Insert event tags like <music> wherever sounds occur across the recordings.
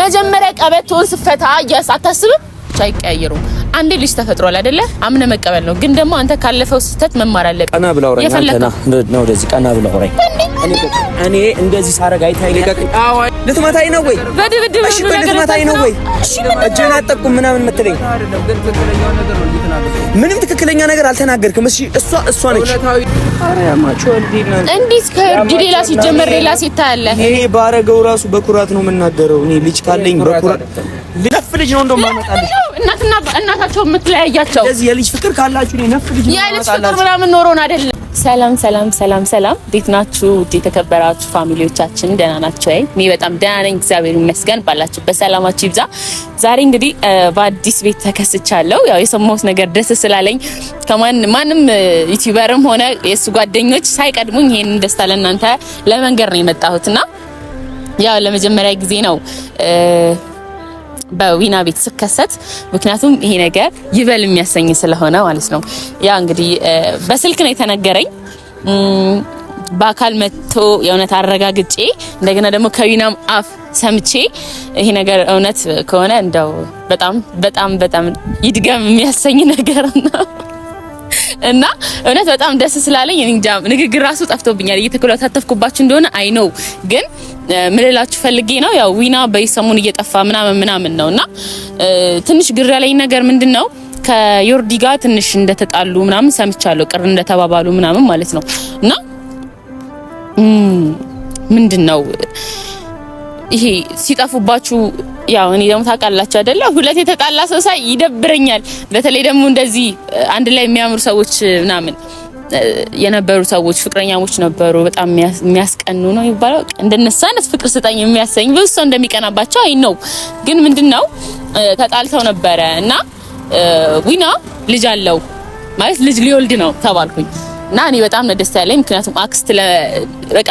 መጀመሪያ ቀበቶን ስፈታ ያስ አታስብም አይቀያየሩም። አንዴ ልጅ ተፈጥሯል አይደለ? አምነ መቀበል ነው። ግን ደግሞ አንተ ካለፈው ስህተት መማር አለብህ። ቀና ብለው አንተና ነው ወደዚህ ቀና ብለው አውራኝ። እኔ እንደዚህ ሳረግ አይታይኝ። ልትመታኝ ነው ወይ? በድብድብ ልትመታኝ ነው ወይ? እጄን አጠቁም ምናምን የምትለኝ ምንም ትክክለኛ ነገር አልተናገርክም። እሺ እሷ እሷ ነች። እንዴት ከእብድ ሌላ ሲጀመር ሌላ ሴት አለ? እኔ ባረገው ራሱ በኩራት ነው የምናገረው። እኔ ልጅ ካለኝ በኩራት ነፍ ልጅ ነው እንደው ማመጣልሽ እናትና እናታቸው የምትለያያቸው የልጅ ፍቅር ካላችሁ ነፍ ልጅ ነው የልጅ ፍቅር ምናምን ኖሮን አይደለም ሰላም ሰላም ሰላም ሰላም፣ እንዴት ናችሁ? ውድ የተከበራችሁ ፋሚሊዎቻችን ደህና ናቸው ወይ? እኔ በጣም ደህና ነኝ፣ እግዚአብሔር ይመስገን። ባላችሁ ሰላማችሁ ይብዛ። ዛሬ እንግዲህ በአዲስ ቤት ተከስቻለሁ። ያው የሰማሁት ነገር ደስ ስላለኝ ከማን ማንም ዩቲዩበርም ሆነ የእሱ ጓደኞች ሳይቀድሙኝ ይሄንን ደስታ ለእናንተ ለመንገር ነው የመጣሁትና ያው ለመጀመሪያ ጊዜ ነው በዊና ቤት ስከሰት ምክንያቱም ይሄ ነገር ይበል የሚያሰኝ ስለሆነ ማለት ነው። ያ እንግዲህ በስልክ ነው የተነገረኝ። በአካል መጥቶ የእውነት አረጋግጬ እንደገና ደግሞ ከዊናም አፍ ሰምቼ ይሄ ነገር እውነት ከሆነ እንደው በጣም በጣም በጣም ይድገም የሚያሰኝ ነገር ነው እና እውነት በጣም ደስ ስላለኝ እንጃ ንግግር ራሱ ጠፍቶብኛል። እየተኮላተፍኩባችሁ እንደሆነ አይ ነው ግን ምልላችሁ ፈልጌ ነው። ያው ዊና በይሰሙን እየጠፋ ምናምን ምናምን ነውና ትንሽ ግር ያለኝ ነገር ምንድነው ከዮርዲ ጋር ትንሽ እንደተጣሉ ምናምን ሰምቻለሁ። ቅር እንደተባባሉ ምናምን ማለት ነው እና ምንድነው ይሄ ሲጠፉባችሁ ያው እኔ ደግሞ ታውቃላችሁ አይደለ? ሁለት የተጣላ ሰው ሳይ ይደብረኛል። በተለይ ደግሞ እንደዚህ አንድ ላይ የሚያምሩ ሰዎች ምናምን የነበሩ ሰዎች ፍቅረኛሞች ነበሩ። በጣም የሚያስቀኑ ነው የሚባለው። እንደነሳ አይነት ፍቅር ስጠኝ የሚያሰኝ ብዙ ሰው እንደሚቀናባቸው አይ ነው። ግን ምንድነው ተጣልተው ነበረ እና ዊና ልጅ አለው ማለት ልጅ ሊወልድ ነው ተባልኩኝ እና እኔ በጣም ነው ደስ ያለኝ። ምክንያቱም አክስት ለ በቃ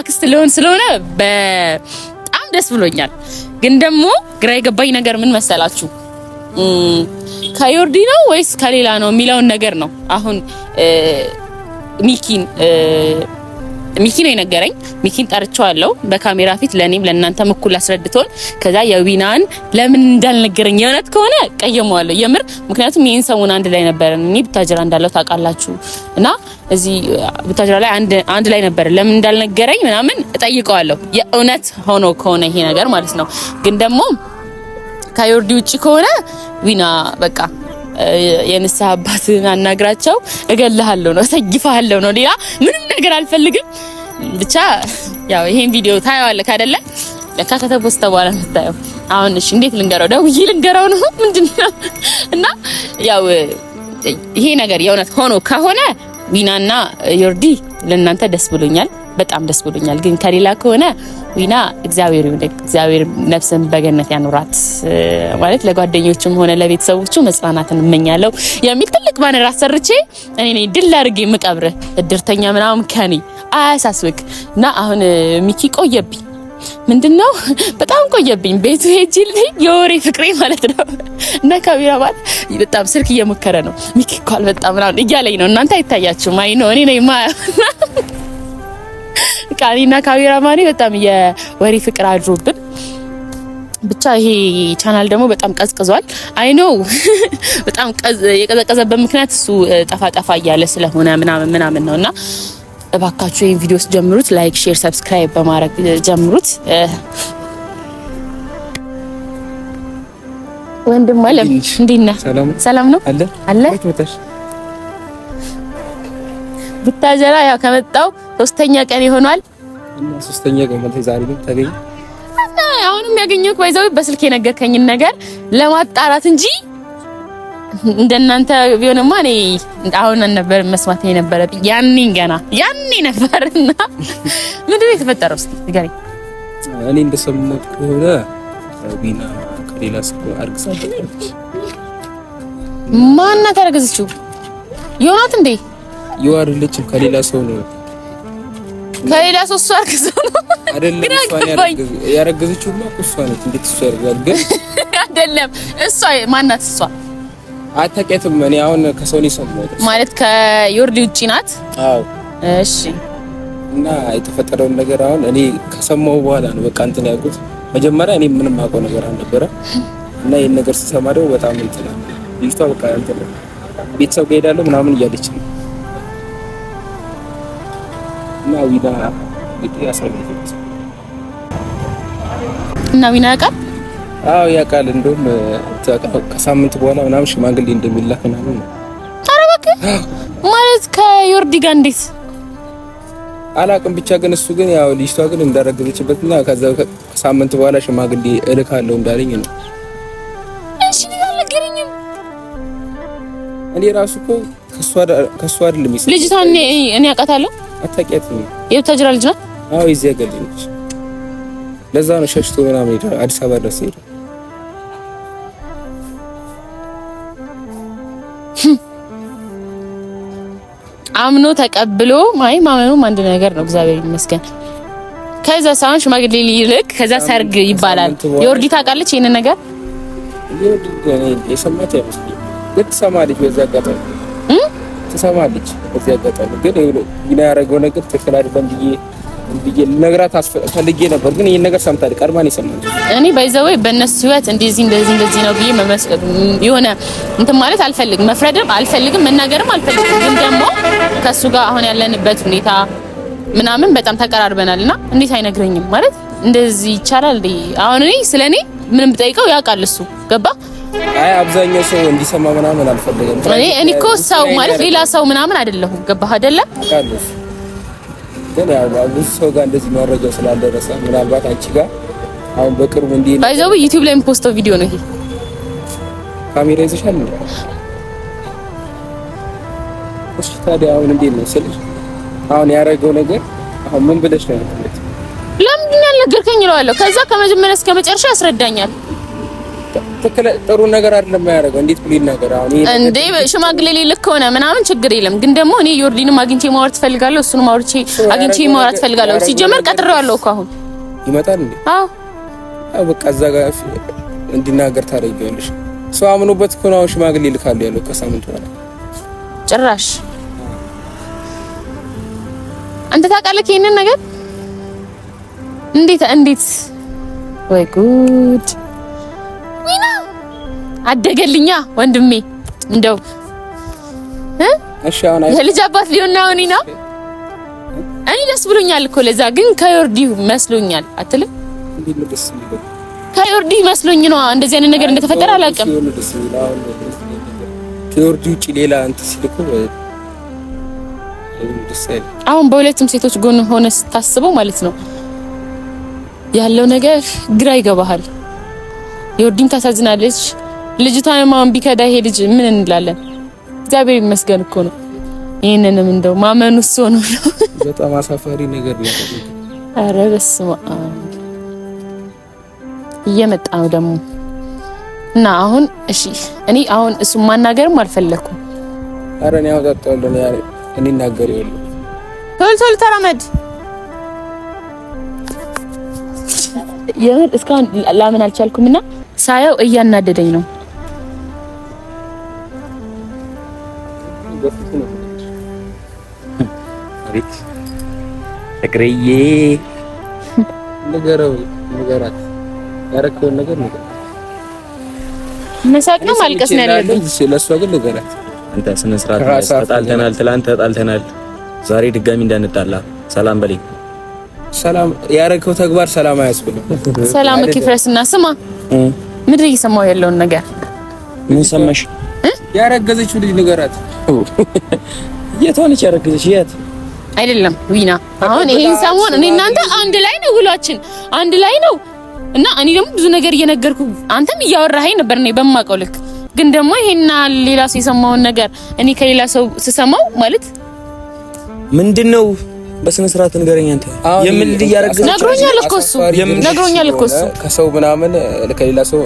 አክስት ሊሆን ስለሆነ በጣም ደስ ብሎኛል። ግን ደግሞ ግራ የገባኝ ነገር ምን መሰላችሁ ከዮርዲ ነው ወይስ ከሌላ ነው የሚለውን ነገር ነው አሁን ሚኪን ሚኪ ነው የነገረኝ። ሚኪን ጠርቼዋለሁ በካሜራ ፊት ለኔም ለእናንተም እኩል አስረድቶን፣ ከዛ የዊናን ለምን እንዳልነገረኝ የእውነት ከሆነ ቀየመዋለሁ የምር። ምክንያቱም ይህን ሰሞን አንድ ላይ ነበረን፣ እኔ ብታጅራ እንዳለው ታውቃላችሁ፣ እና እዚህ ብታጅራ ላይ አንድ ላይ ነበረን። ለምን እንዳልነገረኝ ምናምን እጠይቀዋለሁ የእውነት ሆኖ ከሆነ ይሄ ነገር ማለት ነው ግን ደግሞ ከዮርዲ ውጭ ከሆነ ዊና በቃ የንስሐ አባትን አናግራቸው እገልሃለሁ ነው ሰግፋለሁ ነው። ሌላ ምንም ነገር አልፈልግም። ብቻ ያው ይሄን ቪዲዮ ታየዋለህ አይደለ? ለካ ከተፖስተ በኋላ የምታየው አሁን። እሺ እንዴት ልንገረው? ደውዬ ልንገረው ነው <laughs> ምንድነው? እና ያው ይሄ ነገር የእውነት ሆኖ ከሆነ ዊናና ዮርዲ ለእናንተ ደስ ብሎኛል። በጣም ደስ ብሎኛል። ግን ከሌላ ከሆነ ዊና እግዚአብሔር ይሁን እግዚአብሔር ነፍስን በገነት ያኑራት ማለት ለጓደኞቹም ሆነ ለቤተሰቦቹ መጽናናትን እመኛለሁ የሚል ትልቅ ባነር አሰርቼ እኔ ነኝ ድል አድርጌ የምቀብርህ እድርተኛ ምናምን ከኔ አያሳስብክ እና አሁን ሚኪ ቆየብኝ ምንድን ነው በጣም ቆየብኝ። ቤቱ ሄጅል የወሬ ፍቅሬ ማለት ነው። እና ካሜራ ባል በጣም ስልክ እየሞከረ ነው። ሚኪ እኮ አልመጣም ምናምን እያለኝ ነው። እናንተ አይታያችሁም። አይ ነው እኔ ነኝ ማ በቃ እኔና ካሜራማኔ በጣም የወሬ ፍቅር አድሮብን ብቻ ይሄ ቻናል ደግሞ በጣም ቀዝቅዟል። አይ ኖው <laughs> በጣም የቀዘቀዘበት ምክንያት እሱ ጠፋጠፋ እያለ ስለሆነ ምናምን ምናምን ነው እና እባካችሁ ይህን ቪዲዮ ጀምሩት፣ ላይክ፣ ሼር፣ ሰብስክራይብ በማድረግ ጀምሩት። ወንድም አለም እንዴት ነህ? ሰላም ነው አለ ብታጀራ ያው ከመጣው ሶስተኛ ቀን ይሆናል እና ሶስተኛ ቀን ማለት ዛሬ ግን ተገኘ እና አሁንም ያገኘሁት ባይዛው በስልክ የነገርከኝን ነገር ለማጣራት እንጂ እንደናንተ ቢሆንማ እኔ አሁን ነበር መስማት የነበረብኝ ያኔ ገና ያኔ ነበርና ምንድን ነው የተፈጠረው? እስኪ ንገረኝ። እኔ እንደሰማሁት ከሆነ ቢና ከሌላ ሰው አርግዛለች። ማናት ያረገዘችው? ዮናት እንዴ? ዮ አይደለችም፣ ከሌላ ሰው ነው ከሌላ ሰው እሱ አርግዛ ነው አይደለም? ያረገዘችው ሁሉ እሷ ነች። እንዴት እሱ ያደርጋል? ግን <laughs> አይደለም እሷ ማናት? እሷ አታውቂያትም። እኔ አሁን ከሰው ነው የሰማሁት። ማለት ከዮርዲ ውጪ ናት። አዎ፣ እሺ። እና የተፈጠረውን ነገር አሁን እኔ ከሰማሁ በኋላ ነው በቃ እንትን ያልኩት። መጀመሪያ እኔ ምንም አውቀው ነገር አልነበረ እና ይሄን ነገር ስሰማ ደግሞ በጣም እንትን ልጅቷ በቃ እንትን ቤተሰብ ጋር ሄዳለሁ ምናምን እያለች ነው እና ዊና ያውቃል? አዎ ያውቃል። እንደውም ከሳምንት በኋላ ምናምን ሽማግሌ እንደሚላክ ምናምን ነው። ኧረ እባክህ ማለት ከዮርዲ ጋር እንዴት አላቅም ብቻ ግን እሱ ግን ያው ልጅቷ ግን እንዳረገዘችበት ከዛ ከሳምንት በኋላ ሽማግሌ እልካለሁ እንዳለኝ ነው። እሺ አልነገረኝም። እኔ ራሱ እኮ ከሷ ከሷ አይደለም ልጅቷን እኔ አውቃታለሁ አታውቂያትም? የቡታጅራ ልጅ ናት። አዎ የዚህ ሀገር ልጅ ነች። ለዛ ነው ሸሽቶ ምናምን ሄደ አዲስ አበባ ድረስ ሄደ። አምኖ ተቀብሎ ማይ ማመኑም አንድ ነገር ነው። እግዚአብሔር ይመስገን። ከዛ ሳሁን ሽማግሌ ይልቅ ከዛ ሰርግ ይባላል። የወርዲ ታውቃለች ይሄንን ነገር የሰማት አይመስለኝም። ልትሰማ ልጅ በዛ አጋጣሚ ትሰማለች። በዚህ አጋጣሚ ግን ይህን ያደረገው ነገር ትክክል አይደለም ብዬ ብዬ ልነግራት ፈልጌ ነበር። ግን ይህን ነገር ሰምታል ቀድማ ነው የሰማሁት። እኔ ባይዘወይ በእነሱ ህይወት እንደዚህ እንደዚህ እንደዚህ ነው ብዬ የሆነ እንትን ማለት አልፈልግም፣ መፍረድም አልፈልግም፣ መናገርም አልፈልግም። ግን ደግሞ ከእሱ ጋር አሁን ያለንበት ሁኔታ ምናምን በጣም ተቀራርበናል እና እንዴት አይነግረኝም ማለት እንደዚህ ይቻላል። አሁን እኔ ስለ እኔ ምንም ብጠይቀው ያውቃል እሱ ገባ አይ አብዛኛው ሰው እንዲሰማ ምናምን አልፈለገም። እኔ እኔ እኮ ሰው ማለት ሌላ ሰው ምናምን አይደለሁም። ገባህ አይደለ? ግን ያው ብዙ ሰው ጋር እንደዚህ መረጃ ስላልደረሰ ምናልባት አንቺ ጋር አሁን በቅርቡ እንዲህ ባይዘው ዩቲዩብ ላይ የሚፖስተው ቪዲዮ ነው ይሄ። ካሜራ ይዘሻል እንዴ? እሺ ታዲያ አሁን እንዴት ነው ስልሽ፣ አሁን ያደረገው ነገር አሁን ምን ብለሽ ነው? ለምንድን ያልነገርከኝ እለዋለሁ። ከዛ ከመጀመሪያ እስከ መጨረሻ ያስረዳኛል። ጥሩ ነገር አይደለም ያደረገው። እንዴት ብሌን ነገር አሁን እንዴ ሽማግሌ ሊል ከሆነ ምናምን ችግር የለም ግን ደግሞ እኔ ዮርዲንም አግኝቼ ማውራት ፈልጋለሁ። እሱንም ማውርቼ አግኝቼ ማውራት ፈልጋለሁ። ሲጀመር ቀጥሬዋለሁ እኮ አሁን ይመጣል እንዴ? አዎ በቃ እዛ ጋር እንዲናገር ታደርጊዋለሽ። ሰው አምኖበት እኮ ነው ሽማግሌ ልካለሁ ያለው ከሳምንት በኋላ ጭራሽ። አንተ ታውቃለህ ይሄንን ነገር እንዴት እንዴት ወይ ጉድ አደገልኛ ወንድሜ እንደው እሺ፣ የልጅ አባት ሊሆንና አሁን ነው። እኔ ደስ ብሎኛል እኮ ለዛ፣ ግን ከዮርዲ መስሎኛል አትልም? ከዮርዲ መስሎኝ ነው እንደዚህ አይነት ነገር እንደተፈጠረ አላውቅም። ከዮርዲ ውጪ ሌላ እንትን ሲል እኮ አሁን በሁለቱም ሴቶች ጎን ሆነ ስታስበው ማለት ነው ያለው ነገር ግራ ይገባሃል። ዮርዲም ታሳዝናለች። ልጅቷን ማን ቢከዳ ይሄ ልጅ ምን እንላለን? እግዚአብሔር ይመስገን እኮ ነው። ይሄንንም እንደው ማመኑ እሱ ነው። <laughs> በጣም አሳፋሪ ነገር ነው። አረ በስመ አብ እየመጣ ነው ደግሞ እና አሁን እሺ፣ እኔ አሁን እሱ ማናገርም አልፈለኩም። አረ እኔ አውጣጣለሁ ነው ያሬ እኔ እናገር ይወል ቶሎ ቶሎ ተራመድ። የምር እስካሁን ላምን አልቻልኩም እና ሳየው እያናደደኝ ነው ቤት ፍቅርዬ ንገረው፣ ንገራት ያረከውን ነገር ንገራት። መሳቅ ነው ማልቀስ ነው ያለብኝ። ለእሷ ግን ንገራት አንተ። ስነ ስርዓት ተጣልተናል፣ ትላንት ተጣልተናል፣ ዛሬ ድጋሚ እንዳንጣላ ሰላም በለኝ። ሰላም ያረከው ተግባር ሰላም አያስብልም። ሰላም ይፍረስና ስማ፣ ምድር እየሰማው ያለውን ነገር ምን ሰማሽ? ያረገዘችው ልጅ ንገራት። የት ሆነች ያረገዘች? የት አይደለም ዊና፣ አሁን ይሄን ሰሞን እኔ እናንተ አንድ ላይ ነው ውሏችን፣ አንድ ላይ ነው እና እኔ ደግሞ ብዙ ነገር እየነገርኩ አንተም እያወራኸኝ ነበር። እኔ በማውቀው ልክ ግን ደግሞ ይሄና ሌላ ሰው የሰማውን ነገር እኔ ከሌላ ሰው ስሰማው ማለት ምንድነው? በስነ ስርዓት ንገረኝ። አንተ የምን ልያረግ ነግሮኛል እኮ እሱ ነግሮኛል እኮ እሱ ከሰው ምናምን ከሌላ ሰው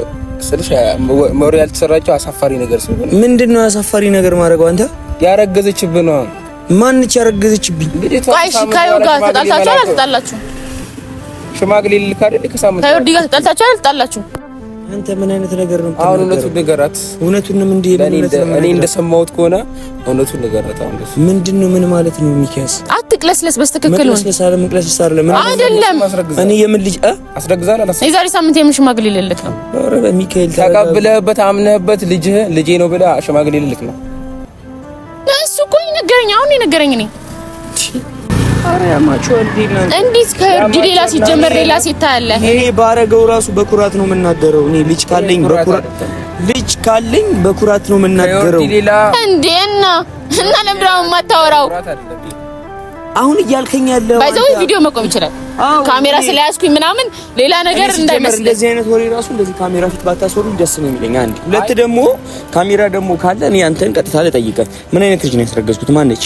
ስልሽ መሪ ያልተሰራቸው አሳፋሪ ነገር ስለሆነ ምንድነው አሳፋሪ ነገር ማድረገው አንተ ያረገዘችብህ ነው ማን ያረገዘችብኝ? ቆይ እሺ፣ ከዩ ጋር ተጣልታችኋል አልተጣላችሁም? ሽማግሌ ልልክ አይደል? ከሳምንት ከዩ ጋር ተጣልታችኋል አልተጣላችሁም? አንተ ምን አይነት ነገር ነው? አሁን እውነቱን ንገራት። እውነቱንም እንደ እኔ እንደሰማሁት ከሆነ እውነቱን ንገራት። አሁን ምንድን ምንድነው? ምን ማለት ነው? ሚኪያስ አትቅለስለስ። በስተክክል ነው መቅለስለስ አለ ምን አይደለም። እኔ የምን ልጅ አስረግዛል አላስ የዛሬ ሳምንት የምን ሽማግሌ ልልክ ነው? ኧረ በሚካኤል ተቀብለህበት አምነህበት ልጅህ ልጄ ነው ብለህ ሽማግሌ ልልክ ነው? ነገረኝ። አሁን የነገረኝ እኔ እንዴት ከእብድ ሌላ ሲጀመር ሌላ ሴት ታያለህ? እኔ ባረገው ራሱ በኩራት ነው የምናገረው። እኔ ልጅ ካለኝ በኩራት ልጅ ካለኝ በኩራት ነው የምናገረው እንዴ እና ለምንድን ነው የማታወራው? አሁን እያልከኝ ያለው ባይዘው ቪዲዮ መቆም ይችላል። ካሜራ ስለያዝኩኝ ምናምን ሌላ ነገር እንዳይመስል እንደዚህ አይነት ወሬ ራሱ እንደዚህ ካሜራ ፊት ባታስወሩ ደስ ነው የሚለኝ። አንድ ሁለት ደግሞ ካሜራ ደግሞ ካለ እኔ አንተን ቀጥታ ልጠይቀ ምን አይነት ልጅ ነው ያስረገዝኩት? ማን ነች?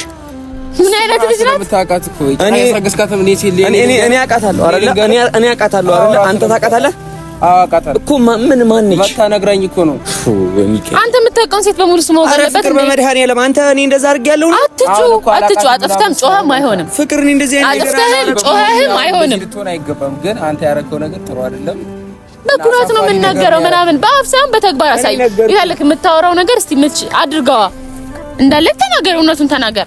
ምን አይነት ልጅ ናት? እኔ እኔ እኔ አውቃታለሁ አይደለ? እኔ አውቃታለሁ አይደለ? አንተ ታውቃታለህ አዋቃታል እኮ ምን እኮ ነው። አንተ የምታውቀውን ሴት በሙሉ ስሙ አለበት። ፍቅር በመድኃኒዓለም አንተ እኔ እንደዛ አትጩ አትጩ። አይሆንም። ፍቅር እኔ እንደዚህ አይነት ነገር አጥፍተህም ጮኸህም አይሆንም። ልትሆን አይገባም። ግን አንተ ያደረገው ነገር ጥሩ አይደለም። በኩራት ነው የምናገረው ምናምን በአፍ ሳይሆን በተግባር አሳይ ይላልክ የምታወራው ነገር እስቲ አድርገዋ እንዳለ ተናገር፣ እውነቱን ተናገር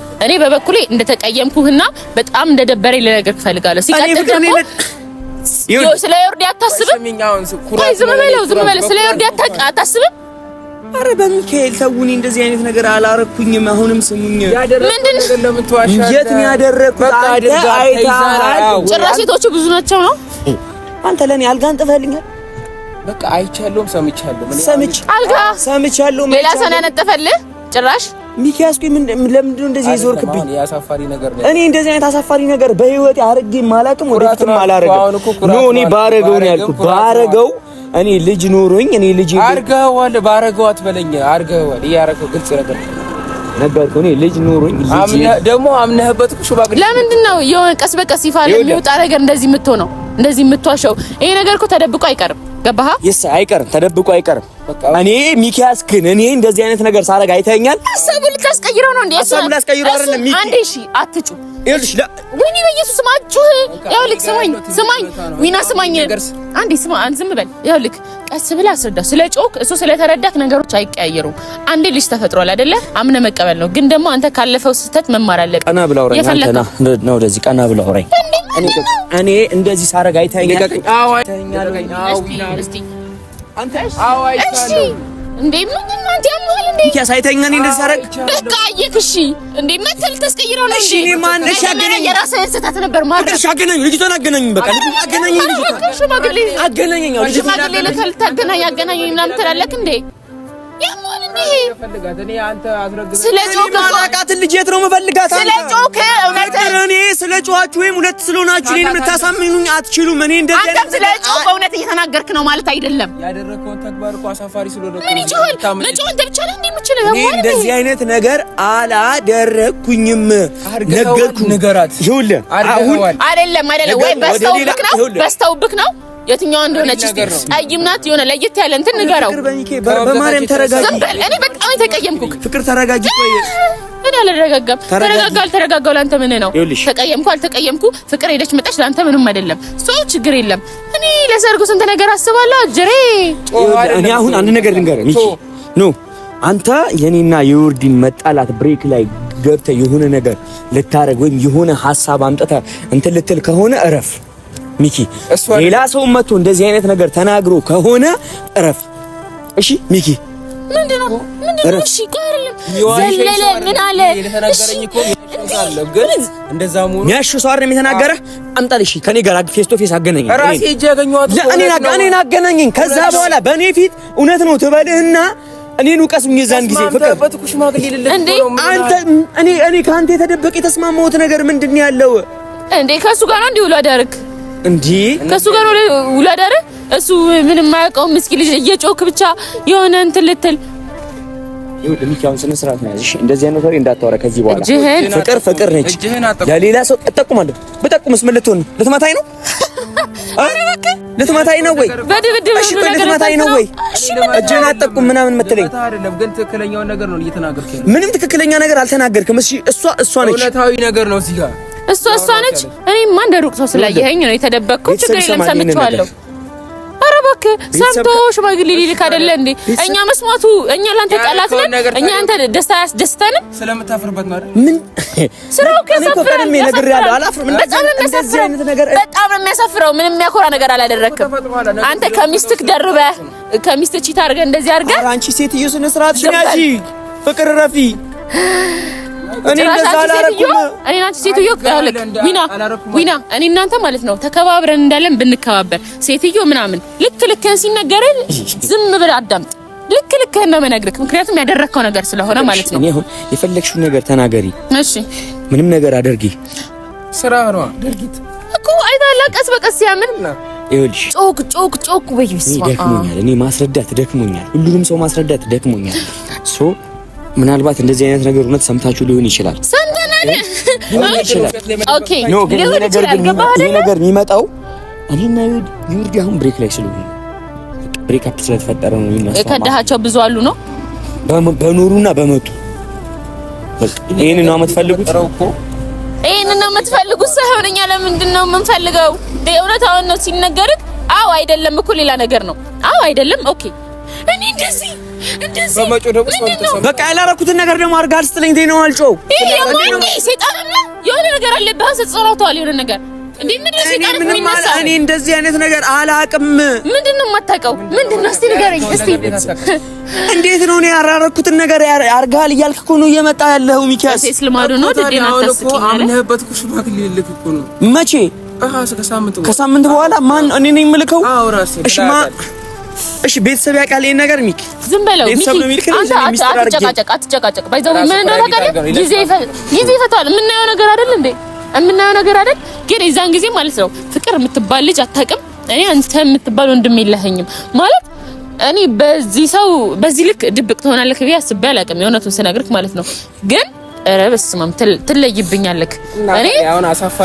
እኔ በበኩሌ እንደተቀየምኩህና በጣም እንደደበረኝ ልነግርህ እፈልጋለሁ። ሲቀጥል ደግሞ ስለ ዮርዲ አታስብም? ዝም በለው ዝም በለው። ስለ ዮርዲ አታስብም? አረ በሚካኤል ተውኝ፣ እንደዚህ አይነት ነገር አላረኩኝም። አሁንም ስሙኝ፣ ምንድን የት ነው ያደረኩት? ጭራሽ ሴቶቹ ብዙ ናቸው ነው አንተ ለኔ አልጋ ጥፈልኛል። በቃ አይቻለሁም፣ ሰምቻለሁ፣ አልጋ ሰምቻለሁ፣ ሌላ ሰው ነው ያነጠፈልህ ጭራሽ ሚኪያስ ቆይ ምን ለምንድን ነው እንደዚህ የዞርክብኝ? ያሳፋሪ ነገር ነው። እኔ እንደዚህ አይነት አሳፋሪ ነገር በህይወቴ አድርጌ ማላቅም ወደፊትም አላረገው። ኖ እኔ ባረገው ነው ያልኩት። ባረገው እኔ ልጅ ኖሮኝ እኔ ልጅ አርገዋል። ባረገው አትበለኝ። አርገዋል። ይሄ ግልጽ ነገር ነበርኩ እኔ ልጅ ኑሩኝ ኑሮኝ ደግሞ አምነህበት ሽማግሌ። ለምንድን ነው የሆነ ቀስ በቀስ ይፋ የሚወጣ ነገር እንደዚህ የምትሆነው እንደዚህ የምትዋሸው? ይሄ ነገር እኮ ተደብቆ አይቀርም። ገባህ? ይስ አይቀርም፣ ተደብቆ አይቀርም። እኔ ሚኪያስ ግን እኔ እንደዚህ አይነት ነገር ሳረግ አይተኛል። ሀሳቡን ልታስቀይረው ነው እንዴ? ሀሳቡን ላስቀይረው አይደለም ሚኪ። አንዴ እሺ አትጩ ይኸውልሽ ወይኔ በኢየሱስ ማጩህ ይኸውልህ፣ ስማኝ ስማኝ፣ ዊና ስማኝ፣ አንዴ ስማ፣ ዝም በል ይኸውልህ፣ ቀስ ብለህ አስረዳው። ስለ ጮክ እሱ ስለ ተረዳክ ነገሮች አይቀያየሩም። አንዴ ልጅ ተፈጥሯል አይደለ? አምነ መቀበል ነው። ግን ደግሞ አንተ ካለፈው ስህተት መማር አለብህ። ቀና ብለው አውራኝ፣ አንተ ነው ወደዚህ ቀና ብለው አውራኝ። እኔ እንደዚህ ሳረግ አይታኛል። አዎ አይታኛል። አዎ ዊና፣ እስቲ አንተ አዎ አይታኛል እንዴ ምን እናንተ ያምሃል እንዴ ያ ሳይተኛ እኔ እንደዚህ አደረግ በቃ አየክሺ እንዴ መተል ተስቀይረው ነው። እሺ እኔ ማን እሺ አገናኝ የራስህን ስህተት ነበር ማለት እሺ አገናኝ ልጅቷን አገናኝ በቃ አገናኝ ልጅቷን ሽማግሌ አገናኝ ልጅቷን ሽማግሌ ለተል ታገናኝ አገናኝ ምናምን ትላለህ እንዴ ስለ ጮክ አላቃትን ነው የምፈልጋት? ስለ ወይም ሁለት ስለሆናችሁ እኔን የምታሳምኑኝ አትችሉም። እኔ እንደዚህ አንተም ስለ ጮክ እውነት እየተናገርክ ነው ማለት አይደለም። ያደረግከውን ተግባር እኮ አሳፋሪ ስለሆነ ምን ይችላል መጮህ እንደ ብቻ ነው እንደምችለው እኔ እንደዚህ አይነት ነገር አላደረኩኝም ። ነገርኩ ነገራት ይሁን አይደለም አይደለም ወይ በስተውብክ ነው በስተውብክ ነው የትኛዋ እንደሆነች እስቲ ጠይም ናት የሆነ ለየት ያለ እንትን ንገረው። በማርያም ተረጋጊ። እኔ በጣም የተቀየምኩክ ፍቅር ተረጋጊ። ቆይ እኔ አልረጋጋም። ተረጋጋ አልተረጋጋው ላንተ ምን ነው? ተቀየምኩ አልተቀየምኩ ፍቅር ሄደች መጣች ላንተ ምንም አይደለም። ሰው ችግር የለም። እኔ ለሰርጉ ስንት ነገር አስባለሁ። ጅሬ እኔ አሁን አንድ ነገር ልንገርህ ሚኪ ኖ አንተ የኔና የዮርዲን መጣላት ብሬክ ላይ ገብተህ የሆነ ነገር ልታረግ ወይም የሆነ ሀሳብ አምጥተህ እንትን ልትል ከሆነ እረፍ ሚኪ ሌላ ሰው መጥቶ እንደዚህ አይነት ነገር ተናግሮ ከሆነ እረፍ። እሺ ሚኪ ምንድነው? ምን የተናገረ። አምጣልኝ። እሺ ከኔ ጋር ፌስ ፌስ አገናኝ። ከዛ በኋላ በእኔ ፊት እውነት ነው ትበልህና እኔን ውቀሱኝ። የዛን ጊዜ ፍቅር እኔ ከአንተ የተደበቀ የተስማማሁት ነገር ምንድን ነው ያለው? እንዴ ከእሱ ጋር እንዲውሉ አደረግ እንዴ ከሱ ጋር ነው ውላድ አይደል? እሱ ምንም የማያውቀው ምስኪን ልጅ እየጮክ ብቻ የሆነ እንትን ልትል ይሁን ስነ ስርዓት ነው እንደዚህ አይነት ወሬ ከዚህ በኋላ ፍቅር ፍቅር ነች። ለሌላ ሰው እጠቁማለሁ። ብጠቁምስ ምን ልትሆን? ልትመታኝ ነው? ልትመታኝ ነው ወይ? በድብድብ እሺ፣ ልትመታኝ ነው ወይ? እጅህን አጠቁም ምናምን የምትለኝ ምንም ትክክለኛ ነገር አልተናገርክም። እሺ፣ እሷ እሷ ነች። እውነታዊ ነገር ነው እዚህ ጋር እሷ እሷ ነች። እኔማ እንደ ሩቅ ሰው ስላየኸኝ ነው የተደበቅኩ። ችግር የለም ሰምቼዋለሁ። ኧረ እባክህ ሰምቶ ሽማግሌ ሊልክ አይደለ እንዴ? እኛ መስማቱ እኛ ላንተ ጠላት ነን? እኛ አንተ ደስታ ያስደስተንም ስለምታፍርበት ነው አይደል? ምን ስራው ከሰፈረ ነግሬያለሁ። አላፍርም። በጣም ነው የሚያሳፍረው። በጣም ነው የሚያሳፍረው። ምንም የሚያኮራ ነገር አላደረክም። አንተ ከሚስትክ ደርበ ከሚስትህ ቺት አድርገህ እንደዚህ አድርገህ አንቺ ሴትዮ ስነ ስርዓት ሽናጂ ፍቅር ረፊ እኔ እንደዛ አላረኩም። እኔ ናችሁ ሴትዮ ያለክ ዊና ዊና እኔ እናንተ ማለት ነው ተከባብረን እንዳለን ብንከባበር ሴትዮ ምናምን ልክ ልክህን ሲነገረን ዝም ብለህ አዳምጥ። ልክ ልክህን ነው የምነግርህ፣ ምክንያቱም ያደረግከው ነገር ስለሆነ ማለት ነው። እኔ አሁን የፈለግሽው ነገር ተናገሪ፣ እሺ? ምንም ነገር አድርጊ። ስራ ነው ድርጊት እኮ አይታላ ቀስ በቀስ ያምን ይኸውልሽ ጮክ ጮክ ጮክ ወይ ይስማ። ደክሞኛል፣ እኔ ማስረዳት ደክሞኛል፣ ሁሉንም ሰው ማስረዳት ደክሞኛል። ሶ ምናልባት እንደዚህ አይነት ነገር እውነት ሰምታችሁ ሊሆን ይችላል። ነገር የሚመጣው እኔና ይሁድ አሁን ብሬክ ላይ ስለሆነ ብሬክ አፕ ስለተፈጠረ ነው። ይሄን ከዳሃቸው ብዙ አሉ ነው በኖሩና በመጡ ይህን ነው የምትፈልጉት። ይህን ነው የምትፈልጉት ሳይሆን እኛ ለምንድን ነው የምንፈልገው? እውነት አሁን ነው ሲነገርህ። አዎ አይደለም እኮ ሌላ ነገር ነው። አዎ አይደለም ኦኬ እኔ እንደዚህ በቃ ያላረኩትን ነገር ደግሞ አድርጋ ስትለኝ ነው አልጮው። የሆነ ነገር አለብህ ስትጸራውተዋል። የሆነ ነገር እኔ እንደዚህ አይነት ነገር አላቅም። ምንድን ነው የማታውቀው? ምንድን ነው እስቲ ንገረኝ እስቲ። እንዴት ነው እኔ ያላረኩትን ነገር አድርገሃል እያልክ እኮ ነው እየመጣ ያለኸው ሚኪያስ። ልማዱ ነው አምነህበት እኮ ሽማግሌ ልክ እኮ ነው። መቼ? ከሳምንት በኋላ ማን እኔ ነኝ የምልከው? እሺ ማ እሺ ቤተሰብ ያውቃል ይሄን ነገር ሚኪ፣ ዝም በለው ሚኪ። አንተ አትጨቃጨቅ አትጨቃጨቅ። ባይዘው ምን እንደሆነ ታውቃለህ? ጊዜ ጊዜ ይፈታል። የምናየው ነገር አይደል እንዴ? የምናየው ነገር አይደል? ግን የዛን ጊዜ ማለት ነው ፍቅር የምትባል ልጅ አታውቅም። እኔ አንተ የምትባል ወንድም የለኸኝም ማለት እኔ በዚህ ሰው በዚህ ልክ ድብቅ ትሆናለህ ብዬ አስቤ አላውቅም። የእውነቱን ስነግርህ ማለት ነው ግን ኧረ በስመ አብ ትለይብኛለህ። እኔ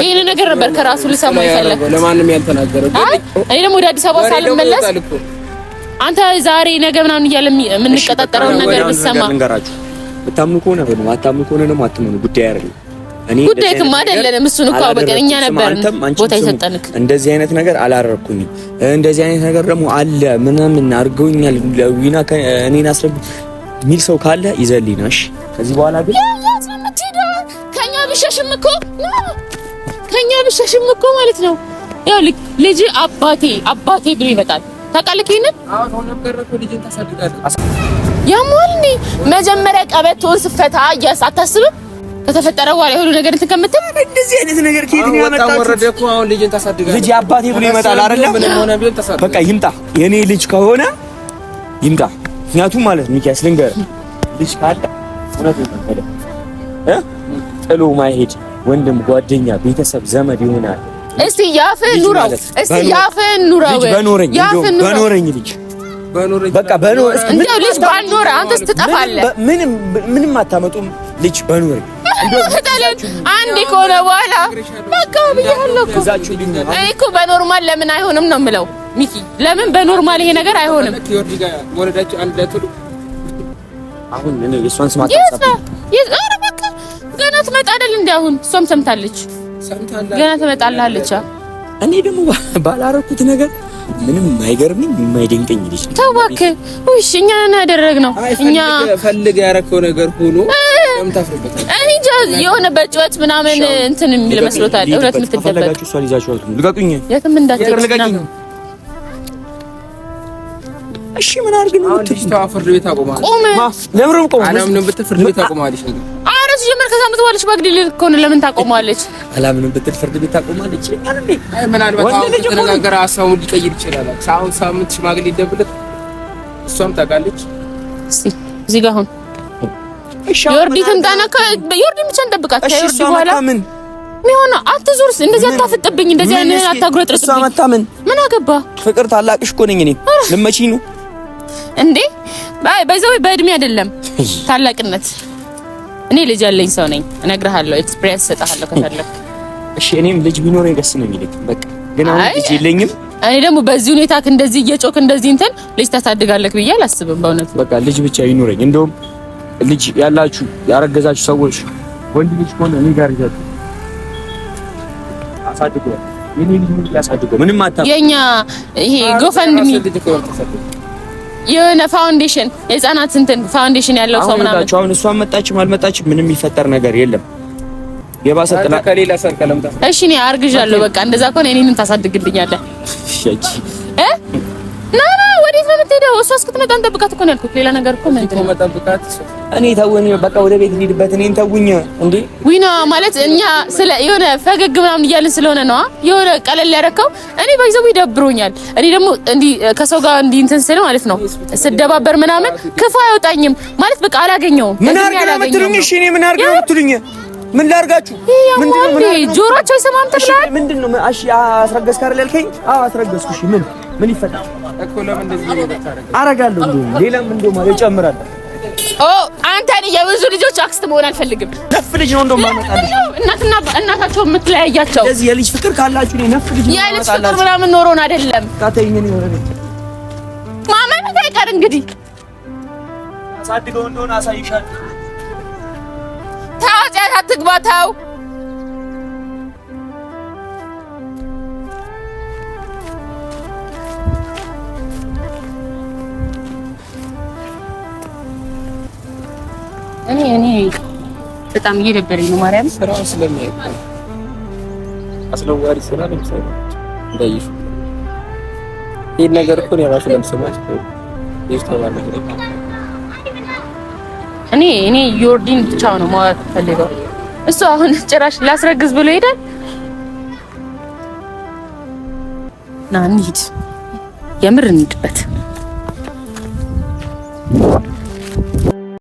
ይሄን ነገር ነበር ከራሱ ልሰማ ይፈለግ ለማንም ያልተናገረው። አይ እኔ ደግሞ ወደ አዲስ አበባ ሳልመለስ አንተ ዛሬ ነገ ምናምን እያለ የምንቀጣጠረውን ነገር ብትሰማ ብታምኑ ከሆነ አታምኑ ከሆነ ነው አትምኑ። ጉዳይ አይደለም እኔ ጉዳይክም አይደለም። እሱን እኮ አውቀን እኛ ነበርን ቦታ የሰጠንክ። እንደዚህ አይነት ነገር አላረኩኝም። እንደዚህ አይነት ነገር ደግሞ አለ ምናምን አድርገውኛል ለዊና እኔን አስረግ ሚል ሰው ካለ ይዘልኝ እሺ ከዚህ በኋላ ግን ከኛ ብሸሽም እኮ ከኛ ብሸሽም እኮ ማለት ነው ያው ልጅ አባቴ አባቴ ብሎ ይመጣል ታውቃለህ። ይሄንን ያሟል እንዴ? መጀመሪያ ቀበቶን ስፈታ እያስ አታስብም? ከተፈጠረ በኋላ ነገር እንትን ከምትል እንደዚህ አይነት ነገር ከየት ነው ያመጣው? ወረደ እኮ አሁን ልጅን ታሳድጋለህ። ልጅ አባቴ ብሎ ይመጣል አይደለ? በቃ ይምጣ፣ የኔ ልጅ ከሆነ ይምጣ። ምክንያቱም ማለት ሚኪያስ ልንገርህ፣ ልጅ ካለ እውነት ነው ጥሎ ማይሄድ ወንድም፣ ጓደኛ፣ ቤተሰብ፣ ዘመድ ይሆናል እስቲ ያፍህን ኑራው፣ እስቲ ያፍህን ኑራው፣ በኖረኝ በኖረኝ ልጅ በቃ በኖረኝ ልጅ አንተስ ትጠፋለህ። ምንም ምንም አታመጡም ልጅ በኖረኝ <laughs> አንድ ከሆነ በኋላ በቃ ብያለሁ እኮ እኔ እኮ በኖርማል ለምን አይሆንም ነው የምለው። ሚኪ ለምን በኖርማል ይሄ ነገር አይሆንም? አሁን እኔ የእሷን ገና ትመጣ አይደል እንደ አሁን እሷም ሰምታለች። ገና ትመጣልሃለች። እኔ ደግሞ ባላረኩት ነገር ምንም የማይገርምኝ የማይደንቀኝ ልጅ ነው። ተው እባክህ። ውይ እኛ ነን ያደረግነው። እኛ ፈልገህ ያረከው ነገር ሆኖ የሆነ በጭወት ምናምን እንትን የሚል መስሎታል። እውነት የምትደበቅ ልቀቁኝ፣ የትም እንዳትሄድ። እሺ ምን አድርግ ነው የምትለው? ቤት ቁም፣ ቁም። ቤት ነገር ሲጀመር ከዛ ምትባለች ሽማግሌ እኮ ለምን ታቆማለች? አላምንም ብትል ፍርድ ቤት ታቆማለች። ምናልባት ሀሳቡን ሊቀይር ይችላል። አሁን ሳምንት ሽማግሌ ይደብለት፣ እሷም ታውቃለች። እዚህ ጋር አሁን ዮርዲ ትምጣና ዮርዲ ብቻ እንጠብቃት። ከዮርዲ በኋላ ምን ሚሆነ አትዙርስ፣ እንደዚህ አታፍጥብኝ፣ እንደዚህ አይነት አታጉረጥርስ። እሷ መታ ምን ምን አገባ? ፍቅር ታላቅሽ እኮ ነኝ እኔ ልመቺኝ ነው እንዴ? ባይ በእድሜ አይደለም ታላቅነት እኔ ልጅ ያለኝ ሰው ነኝ፣ እነግርሃለሁ። ኤክስፒሪየንስ እሰጥሃለሁ ከፈለክ። እሺ፣ እኔም ልጅ ቢኖረኝ ደስ ነው የሚለኝ። በቃ ግን አሁን ልጅ የለኝም። እኔ ደግሞ በዚህ ሁኔታ እንደዚህ እየጮክ እንደዚህ እንትን ልጅ ታሳድጋለህ ብዬ አላስብም በእውነት። በቃ ልጅ ብቻ ይኖረኝ። እንደውም ልጅ ያላችሁ ያረገዛችሁ ሰዎች ወንድ ልጅ ከሆነ እኔ ጋር ይዛችሁ አሳድጉ። የኔ ልጅ ምን ያሳድጉ? ምንም አታ የኛ ይሄ ጎፈንድሚ የሆነ ፋውንዴሽን የህፃናት እንትን ፋውንዴሽን ያለው ሰው ምናምን አሁን እሷ መጣችም አልመጣችም ምንም የሚፈጠር ነገር የለም። የባሰ ጥላ ከሌላ ሰርቀለም ከለምታ እሺ፣ እኔ አርግዣለሁ። በቃ እንደዛ ከሆነ እኔንም ታሳድግልኛለህ እ ና ወዴት ነው የምትሄደው? እሷ እስክትመጣ እንጠብቃት እኮ ነው ያልኩት። ሌላ ነገር እኮ ነው እንትን መጠብቃት። እኔ ተውኝ፣ በቃ ወደ ቤት እንሂድበት። እኔን ተውኝ። እንዴ ዊና ማለት እኛ ስለ የሆነ ፈገግ ምናምን እያልን ስለሆነ ነው የሆነ ቀለል ያደረከው። እኔ ባይዘው ይደብሮኛል። እኔ ደግሞ እንዲህ ከሰው ጋር እንዲህ እንትን ስለ ማለት ነው ስደባበር ምናምን ክፉ አይወጣኝም ማለት በቃ አላገኘውም። ምን አድርግ ነው የምትሉኝ? እሺ እኔ ምን አድርግ ነው የምትሉኝ? ምን ላድርጋችሁ? ምንድነው? ምን ጆሮአቸው አይሰማም ተብለሃል። ምንድነው? ነው አስረገዝክ አይደል ያልከኝ? አዎ አስረገዝኩሽ። ምን ምን ይፈታል እኮ ለምን አረጋለሁ። እንደውም ሌላም እንደው ማለት እጨምራለሁ። ኦ አንተ የብዙ ልጆች አክስት መሆን አልፈልግም። ነፍ ልጅ ነው እንደውም አመጣለሁ። እናትና እናታቸው የምትለያያቸው ስለዚህ የልጅ ፍቅር ካላችሁ ነው። ነፍ ልጅ ነው የልጅ ፍቅር ምናምን ኖሮን አይደለም። ታተኝ ነው ነው ማመን አይቀር እንግዲህ አሳድገው እንደሆነ አሳይሻለሁ። ታውቂያት አትግባታው በጣም እየደበረኝ ነው። ማርያም ስራ ስለማይቆ አስለዋሪ ስራ ነው ለምሳሌ እንዳይሽ ይሄን ነገር እኮ ነው ራሱ ለምሰማት ይስተዋላል። እኔ እኔ ዮርዲን ብቻ ነው ማውራት ፈልገው እሱ አሁን ጭራሽ ላስረግዝ ብሎ ሄዳል። ና እንሂድ፣ የምር እንሂድበት